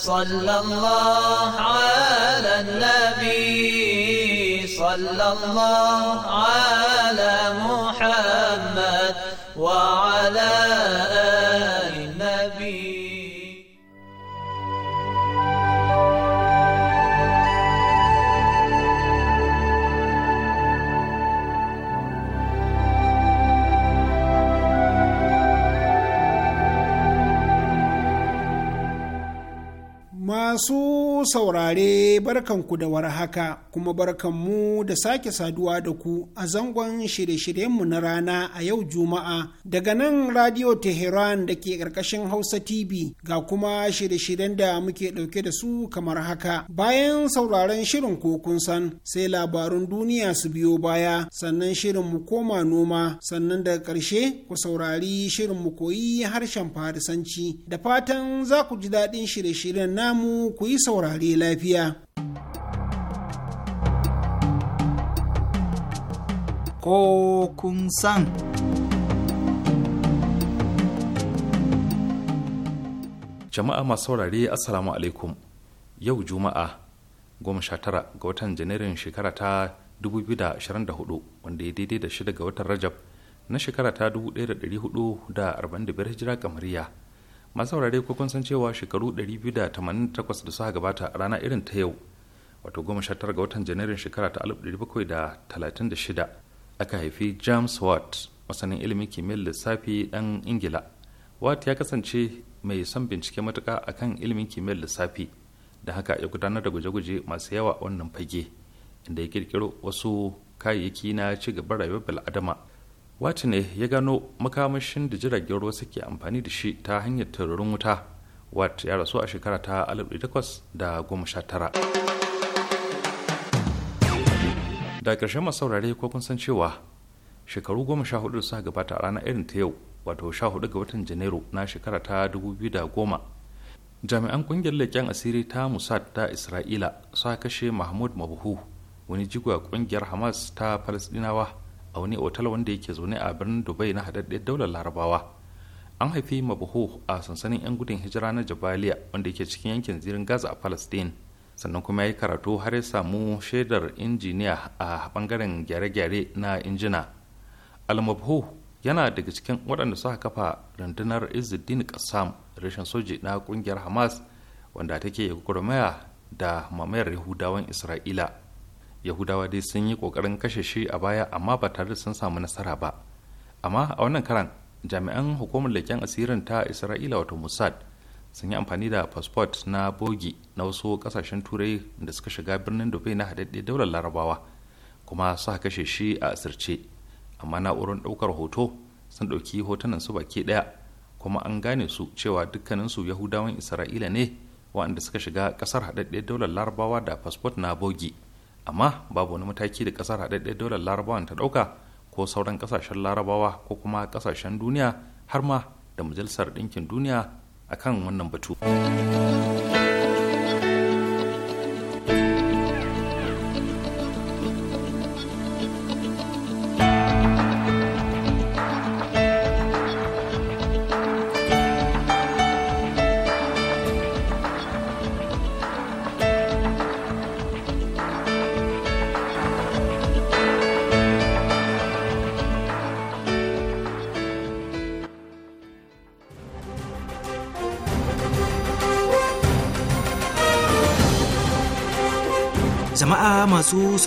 صلى الله على النبي صلى الله على محمد وعلى nosso saurare barkanku da warhaka kuma barkanmu da sake saduwa da ku a zangon shirye-shiryenmu na rana a yau Juma'a daga nan Radio Tehran da ke ƙarƙashin Hausa TV ga kuma shirye-shiryen da muke ɗauke da su kamar haka. Bayan sauraren shirin kokun san sai labarun duniya su biyo baya sannan shirin mu koma noma sannan daga ƙarshe ku saurari shirin mu koyi harshen Farisanci da fatan za ku ji daɗin shirye-shiryen namu ku yi saurari. saurari lafiya. Ko kun san. Jama'a masu saurari Assalamu alaikum yau Juma'a goma sha tara ga watan Janairun shekara ta 2024 wanda ya daidai da shida ga watan Rajab na shekara ta 1445 hijira kamariya. masu ko kun san cewa shekaru 288 da suka gabata a rana irin ta yau wato 19 ga watan janairun shekara ta 1736 aka haifi james watt masanin ilimin kimiyyar lissafi dan ingila watt ya kasance mai son bincike matuka a kan ilimin kimiyyar lissafi da haka ya gudanar da guje-guje masu yawa wannan fage inda ya kirkiro wasu kayayyaki na ci gaban rayuwar bil'adama wace ne ya gano makamashin da jiragen ruwa suke amfani da shi ta hanyar tururin wuta wat ya rasu a shekara ta 1819 da ƙarshen masaurare ko kun san cewa shekaru goma sha hudu suka gabata a ranar irin ta yau wato sha hudu ga watan janairu na shekara ta goma jami'an kungiyar leƙen asiri ta musad ta isra'ila suka kashe mahmud mabuhu wani jigwa kungiyar hamas ta falasdinawa a wani otal wanda yake zaune a birnin dubai na hadadde daular larabawa an haifi mabuhu a sansanin 'yan gudun hijira na jabaliya wanda yake cikin yankin zirin gaza a palestine sannan kuma ya yi karatu har ya samu shaidar injiniya a bangaren gyare-gyare na injina almabhu yana daga cikin waɗanda suka kafa rundunar izuddin kassam rashin soji na ƙungiyar hamas wanda take gwagwarmaya da mamayar yahudawan isra'ila yahudawa dai sun yi kokarin kashe shi a baya amma ba tare da sun samu nasara ba amma a wannan karan jami'an hukumar leken asirin ta isra'ila wato mossad sun yi amfani da fasfot na bogi na wasu kasashen turai da suka shiga birnin dubai na haɗaɗɗe daular larabawa kuma suka kashe shi a asirce amma na'urar ɗaukar hoto sun ɗauki hotunan su baki ɗaya kuma an gane su cewa dukkaninsu yahudawan isra'ila ne waɗanda suka shiga ƙasar haɗaɗɗe daular larabawa da fasfot na bogi amma babu wani mataki da kasar haɗaɗɗen daular larabawan ta ɗauka ko sauran ƙasashen larabawa ko kuma ƙasashen duniya har ma da majalisar ɗinkin duniya akan wannan batu.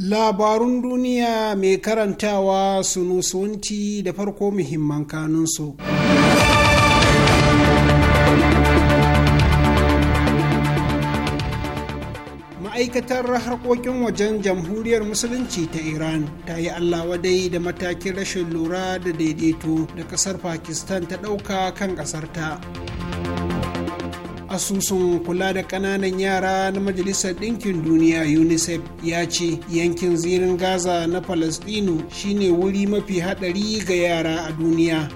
Labarun duniya mai karantawa su nusuwanci da farko muhimman kanunsu. ma'aikatar harkokin wajen jamhuriyar musulunci ta iran ta yi allah wadai da matakin rashin lura da daidaito da kasar pakistan ta ɗauka kan ƙasarta. ta asusun kula da ƙananan yara na majalisar ɗinkin duniya unicef ya ce yankin zirin gaza na palestino shine wuri mafi haɗari ga yara a duniya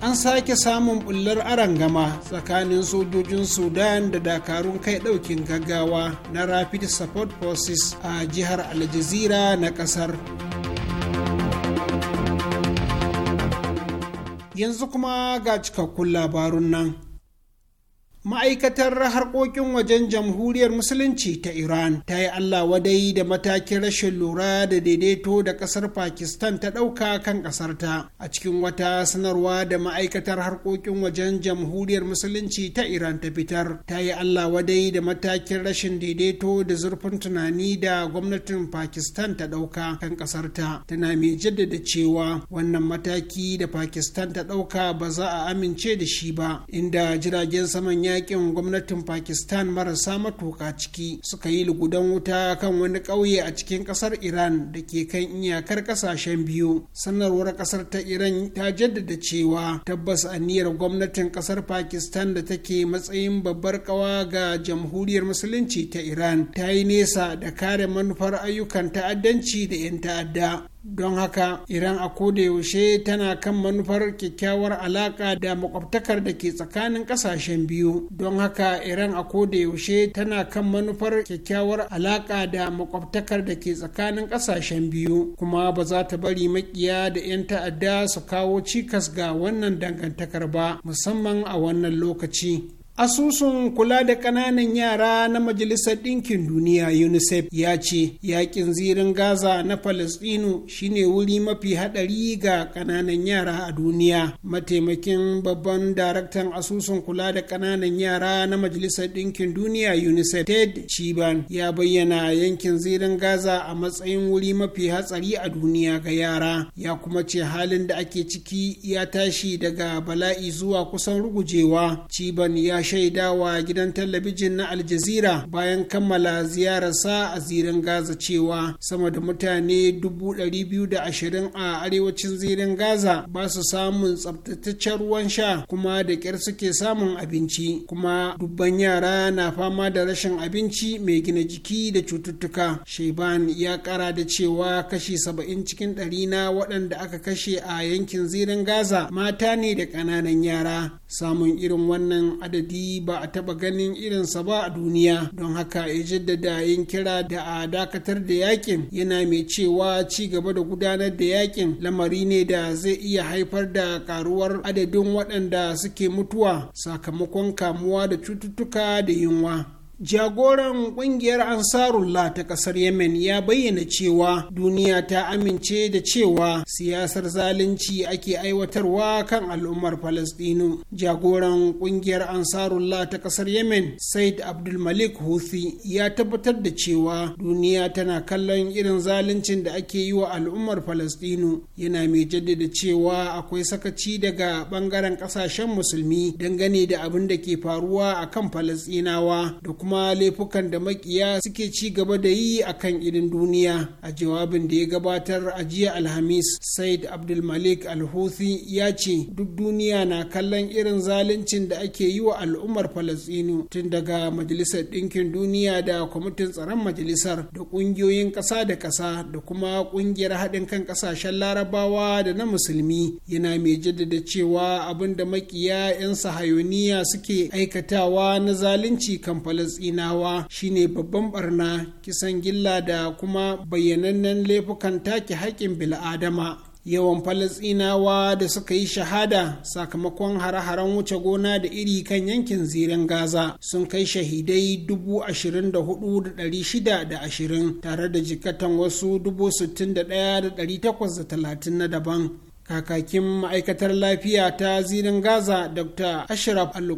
an sake samun bullar gama tsakanin sojojin sudan da dakarun kai ɗaukin gaggawa na rapid support forces a jihar aljazira na ƙasar. yanzu kuma ga cikakkun labarun nan ma'aikatar harkokin wajen jamhuriyar musulunci ta iran ta yi allah wadai da matakin rashin lura da daidaito da kasar pakistan ta ɗauka kan ƙasarta a cikin wata sanarwa da ma'aikatar harkokin wajen jamhuriyar musulunci ta iran ta fitar ta yi allah wadai da matakin rashin daidaito da zurfin tunani da gwamnatin pakistan ta ɗauka kan ƙasarta tana mai jaddada cewa wannan mataki da pakistan ta ɗauka ba za a amince da shi ba inda jiragen saman ya yakin gwamnatin pakistan marasa matuka ciki suka yi lugudan wuta kan wani ƙauye a cikin ƙasar iran da ke kan iyakar ƙasashen biyu sanarwar ƙasar ta iran ta jaddada cewa tabbas aniyar gwamnatin ƙasar pakistan da take matsayin babbar kawa ga jamhuriyar musulunci ta iran ta yi nesa da kare manufar ayyukan ta'addanci da 'yan ta'adda don haka iran a yaushe tana kan manufar kyakkyawar alaka da makwabtakar da ke tsakanin kasashen biyu don haka iran a yaushe tana kan manufar kyakkyawar alaka da makwabtakar da ke tsakanin kasashen biyu kuma ba za ta bari makiya da 'yan ta'adda su kawo cikas ga wannan dangantakar ba musamman a wannan lokaci Asusun kula da ƙananan yara na Majalisar Ɗinkin Duniya UNICEF ya ce yakin zirin Gaza na Falasɗinu shine wuri mafi haɗari ga ƙananan yara a duniya. Mataimakin babban daraktan asusun kula da ƙananan yara na Majalisar Ɗinkin Duniya UNICEF Ted Chiban ya bayyana yankin zirin Gaza a matsayin wuri mafi hatsari a duniya ga yara. Ya kuma ce halin da ake ciki ya tashi daga bala'i zuwa kusan rugujewa. Chiban ya shaidawa gidan talabijin na aljazira bayan kammala ziyararsa a zirin gaza cewa sama da mutane 220 a arewacin zirin gaza ba su samun tsabtataccen ruwan sha kuma da ƙyar suke samun abinci kuma dubban yara na fama da rashin abinci mai gina jiki da cututtuka shaiban ya kara da cewa kashi 70 cikin ɗari na waɗanda aka kashe a yankin zirin gaza mata ne da ƙananan yara samun irin wannan adadi hargitsi ba a taba ganin irinsa ba a duniya don haka ya jaddada yin kira da a dakatar da yakin yana mai cewa ci gaba da gudanar da yakin lamari ne da zai iya haifar da karuwar adadin waɗanda suke mutuwa sakamakon kamuwa da cututtuka da yunwa Jagoran kungiyar Ansarullah ta kasar Yemen ya bayyana cewa duniya ta amince da cewa siyasar zalunci ake aiwatarwa kan al'ummar Falasɗinu. Jagoran kungiyar Ansarullah ta kasar Yemen, Said Abdulmalik Houthi, ya tabbatar da cewa duniya tana kallon irin zaluncin da ake yi wa al'ummar Falasɗinu. Yana mai jaddada cewa akwai sakaci daga bangaren kasashen musulmi dangane da abin da ke faruwa a kan Falasɗinawa da kuma laifukan da makiya suke ci gaba da yi a kan irin duniya a jawabin da ya gabatar a jiya alhamis said abdulmalik alhuthi ya ce duk duniya na kallon irin zaluncin da ake yi wa al'ummar falastinu tun daga majalisar ɗinkin duniya da kwamitin tsaron majalisar da ƙungiyoyin ƙasa da ƙasa da kuma ƙungiyar haɗin kan ƙasashen larabawa da na musulmi yana mai jaddada cewa abin da makiya 'yan sahayoniya suke aikatawa na zalunci kan falastinu tsinawa shine babban barna kisan gilla da kuma bayyanannen laifukan take haƙƙin bil'adama yawan falasinawa da suka yi shahada sakamakon hare-haren wuce gona da iri kan yankin ziren gaza sun kai shahidai 24,620 tare da jikatan wasu 61,830 na daban kakakin ma'aikatar lafiya ta zirin gaza dr ashraf al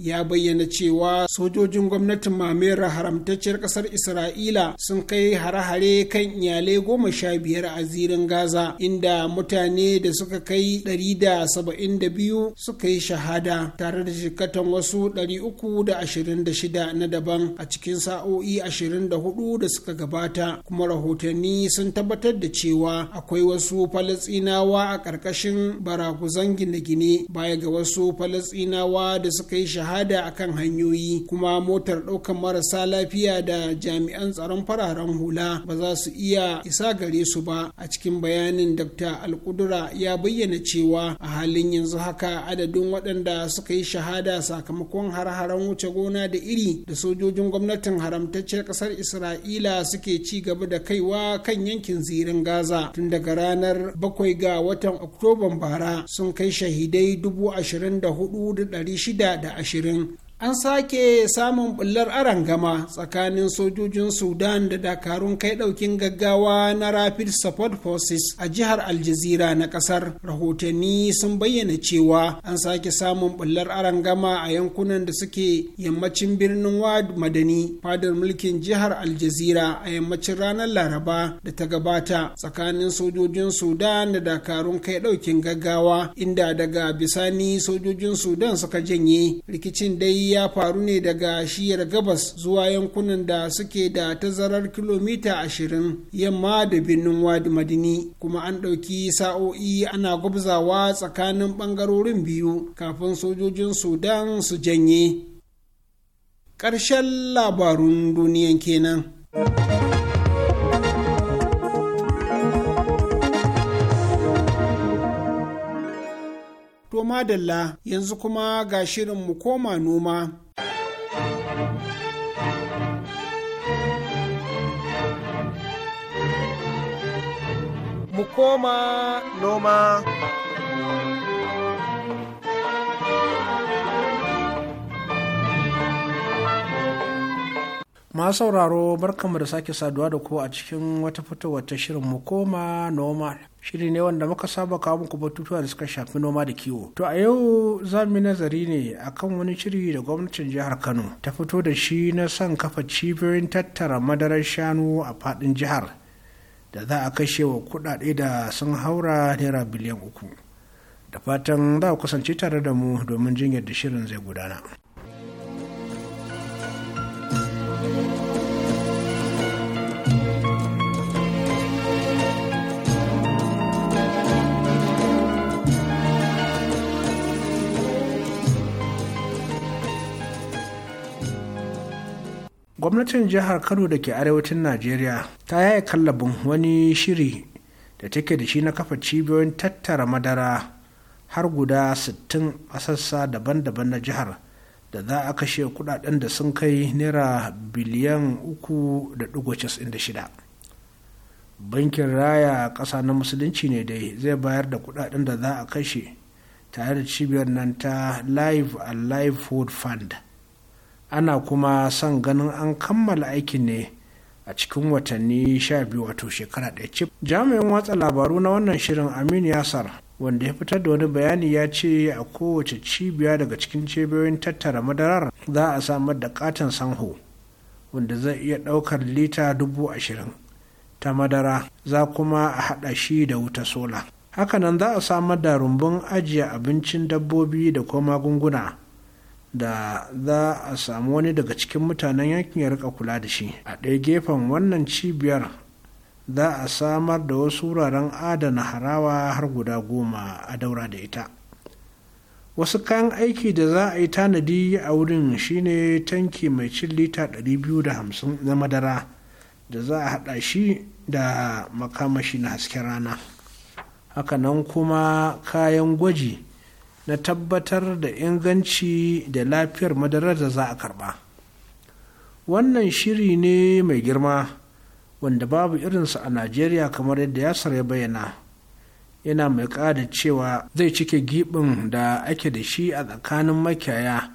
ya bayyana cewa sojojin gwamnatin mamera haramtacciyar kasar isra'ila sun kai hare-hare kan iyalai goma sha biyar a zirin gaza inda mutane da suka kai 172 suka yi shahada tare da shirkatan wasu 326 na daban a cikin sa'o'i 24 da suka gabata kuma rahotanni sun tabbatar da cewa akwai wasu falasinawa a ƙarƙashin barakuzan gine-gine baya ga wasu falasinawa da suka yi shahada a kan hanyoyi kuma motar ɗaukan marasa lafiya da jami'an tsaron fararen hula ba za su iya isa gare su ba a cikin bayanin dr alkudura ya bayyana cewa a halin yanzu haka adadin waɗanda suka yi shahada sakamakon har-haren wuce gona da iri da sojojin gwamnatin haramtacciyar ƙasar isra'ila suke ci gaba da kaiwa kan yankin zirin gaza tun daga ranar bakwai ga watan watan oktoban bara sun kai shahidai 24,620 an sake samun bullar aran gama tsakanin sojojin sudan da dakarun kai daukin gaggawa na rapid support forces a jihar aljazira na kasar rahotanni sun bayyana cewa an sake samun bullar gama a yankunan da suke yammacin birnin wad madani fadar mulkin jihar aljazira a yammacin ranar laraba da ta gabata tsakanin sojojin sudan da dakarun kai daukin gaggawa inda daga bisani sojojin sudan suka janye rikicin dai ya faru ne daga shiyar gabas zuwa yankunan da suke da tazarar kilomita ashirin yamma da birnin Wadi Madini kuma an ɗauki sa'o'i ana gwabzawa tsakanin ɓangarorin biyu kafin sojojin Sudan su janye. Ƙarshen labarun duniyan kenan. To madalla yanzu kuma ga shirin mu koma noma. Mu koma noma. masu sauraro barkanmu da sake saduwa da ku a cikin wata fitowar ta shirin mu koma noma shiri ne wanda muka saba kawo muku batutuwa da suka shafi noma da kiwo to a yau za mu nazari ne akan wani shiri da gwamnatin jihar kano ta fito da shi na son kafa cibiyoyin tattara madarar shanu a fadin jihar da za a kashe wa kuɗaɗe da sun haura naira biliyan uku da fatan za ku kusance tare da mu domin jin yadda shirin zai gudana gwamnatin jihar kano da ke arewacin najeriya ta yaya kallabin wani shiri da take da shi na kafa cibiyoyin tattara madara har guda 60 a sassa daban-daban na jihar da za a kashe kudaden da sun kai naira biliyan 3.96 bankin raya ƙasa na musulunci ne dai zai bayar da kudaden da za a kashe tare da cibiyar nan ta live alive food fund ana kuma son ganin an kammala aikin ne a cikin watanni sha biyu wato shekara ɗaya cif jami'in watsa labaru na wannan shirin aminu yasar wanda ya fitar da wani bayani ya ce a kowace cibiya daga cikin cibiyoyin tattara madarar za a samar da katon sanho wanda zai iya ɗaukar lita dubu ashirin ta madara za kuma a haɗa shi da wuta sola hakanan za a samar da rumbun ajiye abincin dabbobi da kuma magunguna da za a samu wani daga cikin mutanen yankin ya rika kula da shi a ɗaya gefen wannan cibiyar za a samar da wasu wuraren adana harawa har guda goma a daura da ita wasu kayan aiki da za a yi tanadi a wurin shine tanki mai cin lita 250 na madara da za a hada shi da makamashi na hasken rana hakanan kuma kayan gwaji na tabbatar da inganci da lafiyar madarar da za a karba wannan shiri ne mai girma wanda babu irinsa a najeriya kamar yadda ya ya bayyana yana mai ƙada cewa zai cike giɓin da ake da shi a tsakanin makiyaya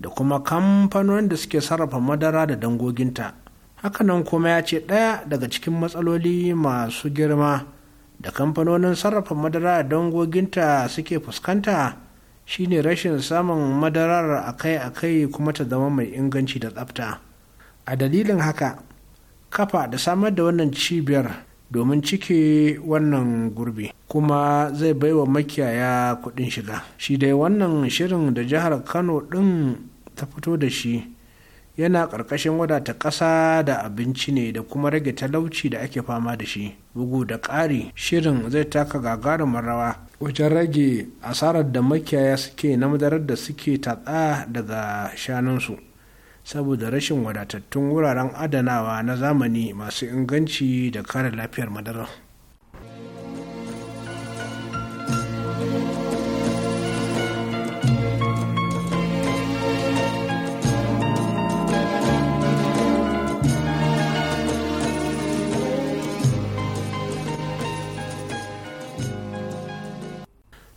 da kuma kamfanonin da suke sarrafa madara da dangoginta hakanan kuma ya ce ɗaya daga cikin matsaloli masu girma da kamfanonin sarrafa madara da dangoginta suke fuskanta shine rashin samun madarar akai-akai kuma ta zama mai inganci da tsafta a dalilin haka kafa da samar da wannan cibiyar domin cike wannan gurbi kuma zai baiwa makiyaya kuɗin shiga shi dai wannan shirin da jihar kano ɗin ta fito da shi yana ƙarƙashin wadata ƙasa da abinci ne da kuma rage talauci da ake fama da shi bugu da ƙari shirin zai taka gagarumin rawa wajen rage asarar da makiyaya suke na madarar da suke tatsa daga shanunsu saboda rashin wadatattun wuraren adanawa na zamani masu inganci da kare lafiyar madarar.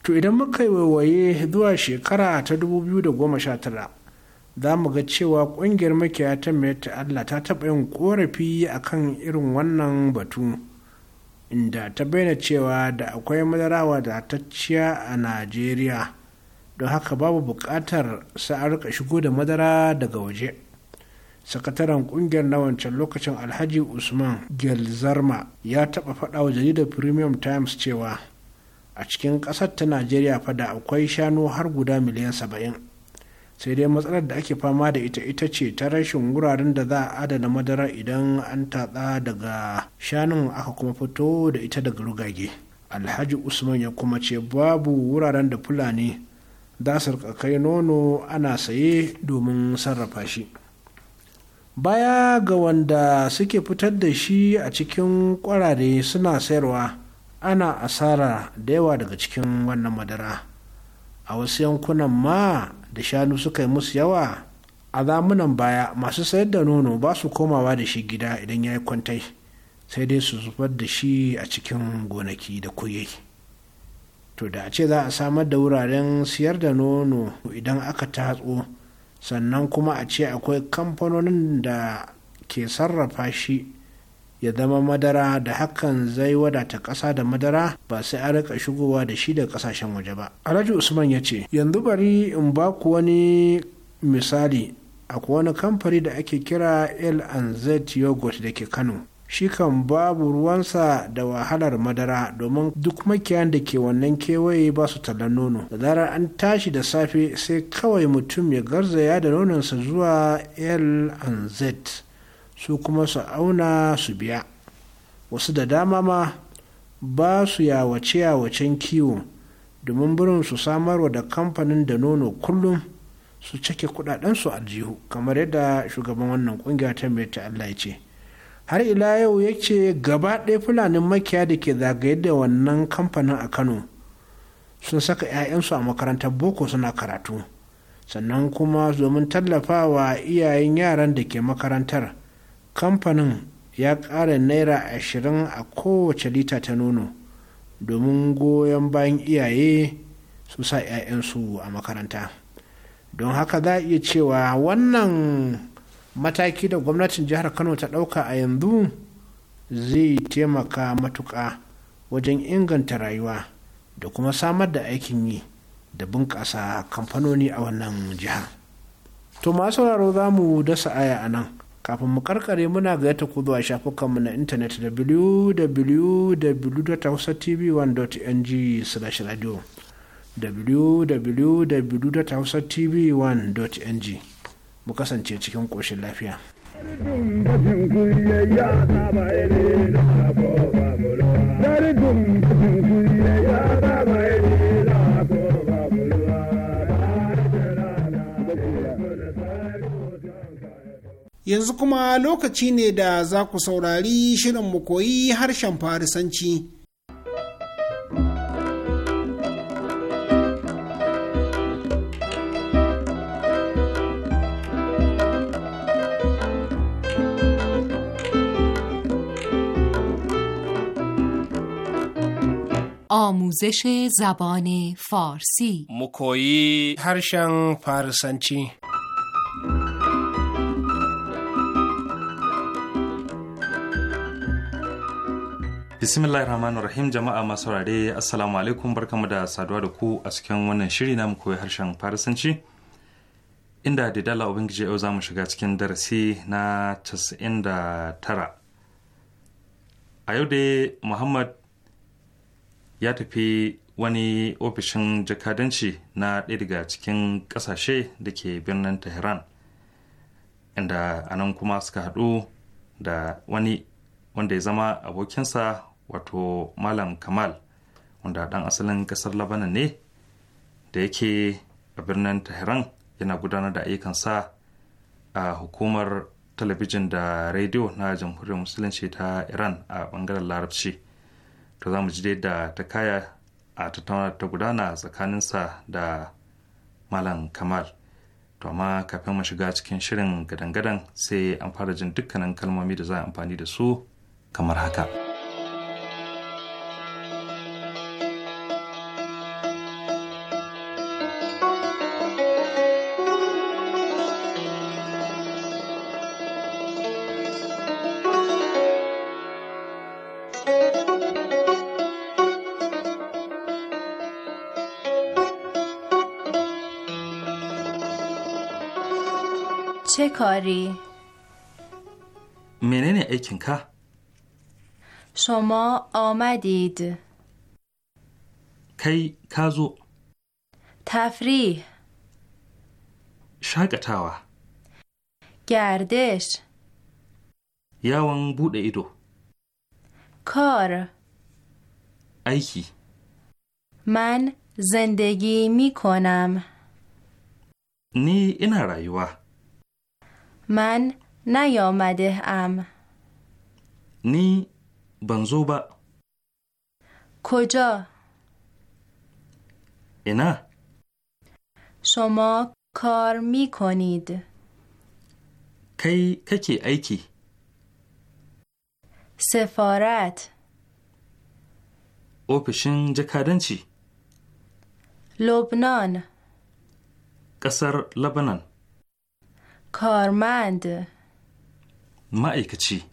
to idan muka yi waiwaye zuwa shekara ta 2019 za mu ga cewa ƙungiyar makiya ta mai allah ta taɓa yin ƙorafi a kan irin wannan batu inda ta bayyana cewa da akwai madara wadatacciya a najeriya don haka babu buƙatar a rika shigo da madara daga waje sakataren kungiyar na wancan lokacin alhaji usman gelzarma ya taɓa faɗa wa jaridar premium times cewa a cikin ƙasar ta najeriya fada akwai shanu har guda miliyan saba'in sai dai matsalar da ake fama da ita ita ce ta rashin wuraren da za a adana madara idan an tatsa daga shanun aka kuma fito da ita daga rugage alhaji usman ya kuma ce babu wuraren da fulani za su kai nono ana saye domin sarrafa shi baya ga wanda suke fitar da shi a cikin kwarare suna sayarwa ana asara da yawa daga cikin wannan madara a wasu yankunan ma da shanu suka yi musu yawa a zamunan baya masu sayar da nono ba su komawa da shi gida idan ya yi kwantai sai dai su zubar da shi a cikin gonaki da kuye to da a ce za a samar da wuraren siyar da nono idan aka tatso sannan kuma a ce akwai kamfanonin da ke sarrafa shi ya zama madara da hakan zai wadata ƙasa da madara ba sai a rika shigowa da shi da ƙasashen waje ba alhaji usman ya ce yanzu bari in ba ku wani misali akwai wani kamfani da ake kira L Z yogurt da ke kano shi kan babu ruwansa da wahalar madara domin duk makiyan da ke wannan kewaye ba su tallan nono da zarar an tashi da safe sai kawai mutum ya garzaya da nononsa zuwa l z su kuma su auna su biya wasu da dama ma ba su yawace yawacen kiwo domin burin su samarwa da kamfanin da nono kullum su cike kudadensu a jihu kamar yadda shugaban wannan kungiya ta mai ta Allah ya ce har ila yau ya ce gaba ɗaya fulanin makiya da ke zagaye da wannan kamfanin a kano sun saka 'ya'yansu a makarantar boko suna karatu sannan kuma domin tallafawa iyayen yaran da ke makarantar kamfanin ya ƙara naira ashirin a kowace lita ta nono domin goyon bayan iyaye su sa 'ya'yansu a makaranta don haka za a iya cewa wannan mataki da gwamnatin jihar kano ta ɗauka a yanzu zai taimaka matuƙa wajen inganta rayuwa da kuma samar da aikin yi da bunƙasa kamfanoni a wannan jihar to masu sauraro za mu dasa aya a nan kafin mu karkare muna ga yata ku zuwa shafukanmu na intanet www.hausatv1.ng slash radio www.hausatv1.ng mu kasance cikin ƙoshin lafiya. Dari dum dum kuliya ya yanzu kuma lokaci ne da za ku saurari shirin mu koyi harshen farisanci. آموزش زبان فارسی مکویی هرشن فارسنچی bismillahir rahmanir rahim jama'a masu rare assalamu alaikum barkamu da saduwa da ku a cikin wannan shiri na koyi harshen farisanci inda da dala ubangiji yau za mu shiga cikin darasi na 99 a yau dai muhammad ya tafi wani ofishin jakadanci na ɗaya daga cikin ƙasashe da ke birnin tehran inda anan kuma suka haɗu da wani wanda ya zama abokinsa wato malam kamal wanda dan asalin ƙasar labanan ne da yake a birnin tehran yana gudanar da ayyukansa a hukumar talabijin da rediyo na jamhuriyar musulunci ta iran a bangaren larabci to za mu ji da ta kaya a tattauna ta gudana tsakaninsa da malam kamal to amma kafin mu shiga cikin shirin gadan-gadan sai an fara jin dukkanin kalmomi da za a amfani da su kamar haka. چه کاری؟ منن ایکن که؟ شما آمدید کی کازو تفریح شاگتاوا گردش یاوان بوده ایدو کار ایکی من زندگی می کنم نی این رایوه من نیامده ام نی بنزوبا کجا اینا شما کار می کنید کی ککی ایکی سفارت کردن چی؟ لبنان قصر لبنان کارمند چی؟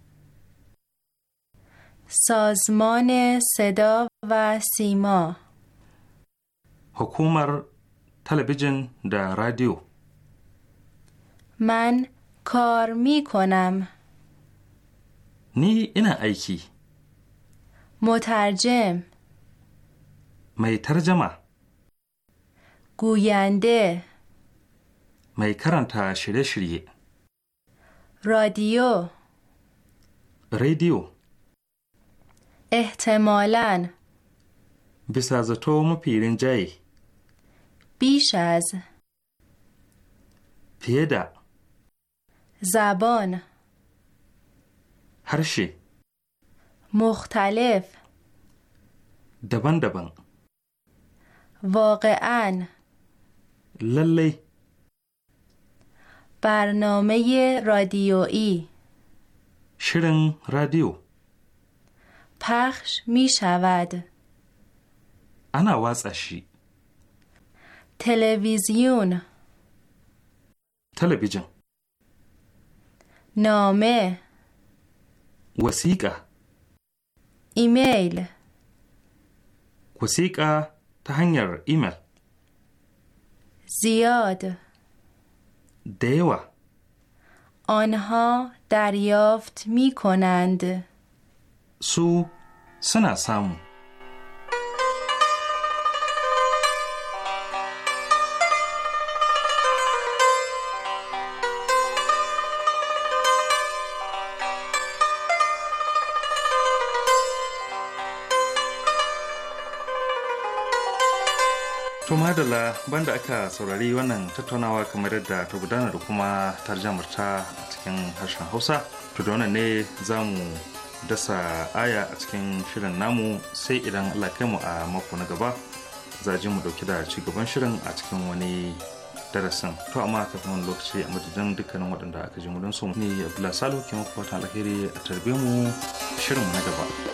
سازمان صدا و سیما حکومر تلویزیون در رادیو من کار می کنم نی اینا ایکی مترجم می ترجمه گوینده می کرانتا شده شریه رادیو رادیو احتمالاً از تو mafi بیش بیش از. پیدا. زبان. هرشی مختلف دبن دبن واقعا للی برنامه رادیویی شرن رادیو پخش می شود انا واسشی تلویزیون تلویزیون نامه وسیقه ایمیل وسیقه تا ایمیل زیاد دیوه آنها دریافت می کنند سو سنا سامو To madalla banda aka saurari wannan tattaunawa kamar yadda ta gudana da kuma tarjamar ta a cikin harshen Hausa. To da wannan ne za mu dasa aya a cikin shirin namu sai idan Allah kai mu a mako na gaba za ji mu dauki da ci gaban shirin a cikin wani darasin. To amma kafin wani lokaci a madadin dukkanin waɗanda aka ji mu don su ne Abdullahi Salo ke muku fatan alheri a tarbe mu shirin na gaba.